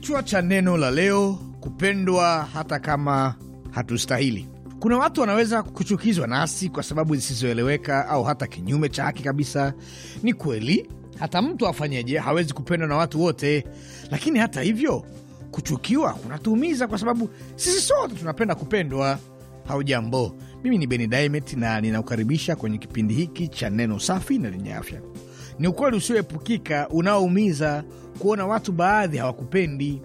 Kichwa cha neno la leo: kupendwa hata kama hatustahili. Kuna watu wanaweza kuchukizwa nasi kwa sababu zisizoeleweka au hata kinyume cha haki kabisa. Ni kweli, hata mtu afanyeje hawezi kupendwa na watu wote, lakini hata hivyo, kuchukiwa kunatuumiza kwa sababu sisi sote tunapenda kupendwa. Haujambo, mimi ni Beni na ninakukaribisha kwenye kipindi hiki cha neno safi na lenye afya. Ni ukweli usioepukika unaoumiza kuona watu baadhi hawakupendi.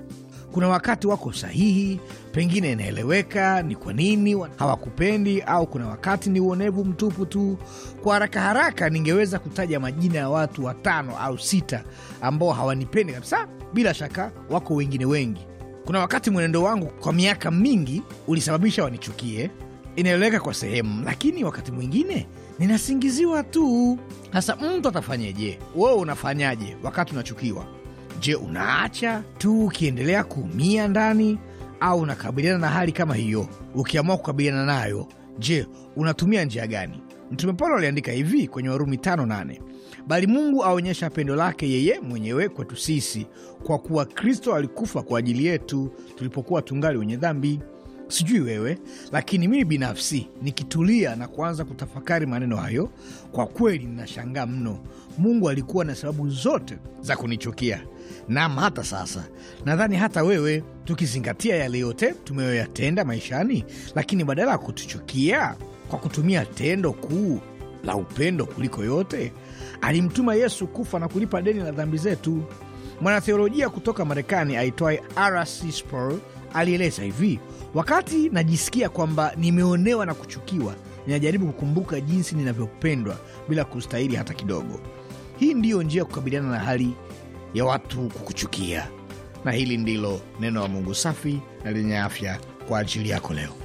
Kuna wakati wako sahihi, pengine inaeleweka ni kwa nini hawakupendi, au kuna wakati ni uonevu mtupu tu. Kwa haraka haraka, ningeweza kutaja majina ya watu watano au sita ambao hawanipendi kabisa. Bila shaka wako wengine wengi. Kuna wakati mwenendo wangu kwa miaka mingi ulisababisha wanichukie, inaeleweka kwa sehemu, lakini wakati mwingine ninasingiziwa tu. Sasa mtu atafanyeje? Wewe unafanyaje wakati unachukiwa? Je, unaacha tu ukiendelea kuumia ndani, au unakabiliana na hali kama hiyo? Ukiamua kukabiliana nayo, je, unatumia njia gani? Mtume Paulo aliandika hivi kwenye Warumi tano nane bali Mungu aonyesha pendo lake yeye mwenyewe kwetu sisi, kwa kuwa Kristo alikufa kwa ajili yetu tulipokuwa tungali wenye dhambi. Sijui wewe, lakini mimi binafsi nikitulia na kuanza kutafakari maneno hayo, kwa kweli ninashangaa mno. Mungu alikuwa na sababu zote za kunichukia, nam hata sasa. Nadhani hata wewe, tukizingatia yale yote tumeyoyatenda maishani, lakini badala ya kutuchukia kwa kutumia tendo kuu la upendo kuliko yote, alimtuma Yesu kufa na kulipa deni la dhambi zetu. Mwanatheolojia kutoka Marekani aitwaye R.C. Sproul alieleza hivi: wakati najisikia kwamba nimeonewa na kuchukiwa, ninajaribu kukumbuka jinsi ninavyopendwa bila kustahili hata kidogo. Hii ndiyo njia ya kukabiliana na hali ya watu kukuchukia, na hili ndilo neno la Mungu safi na lenye afya kwa ajili yako leo.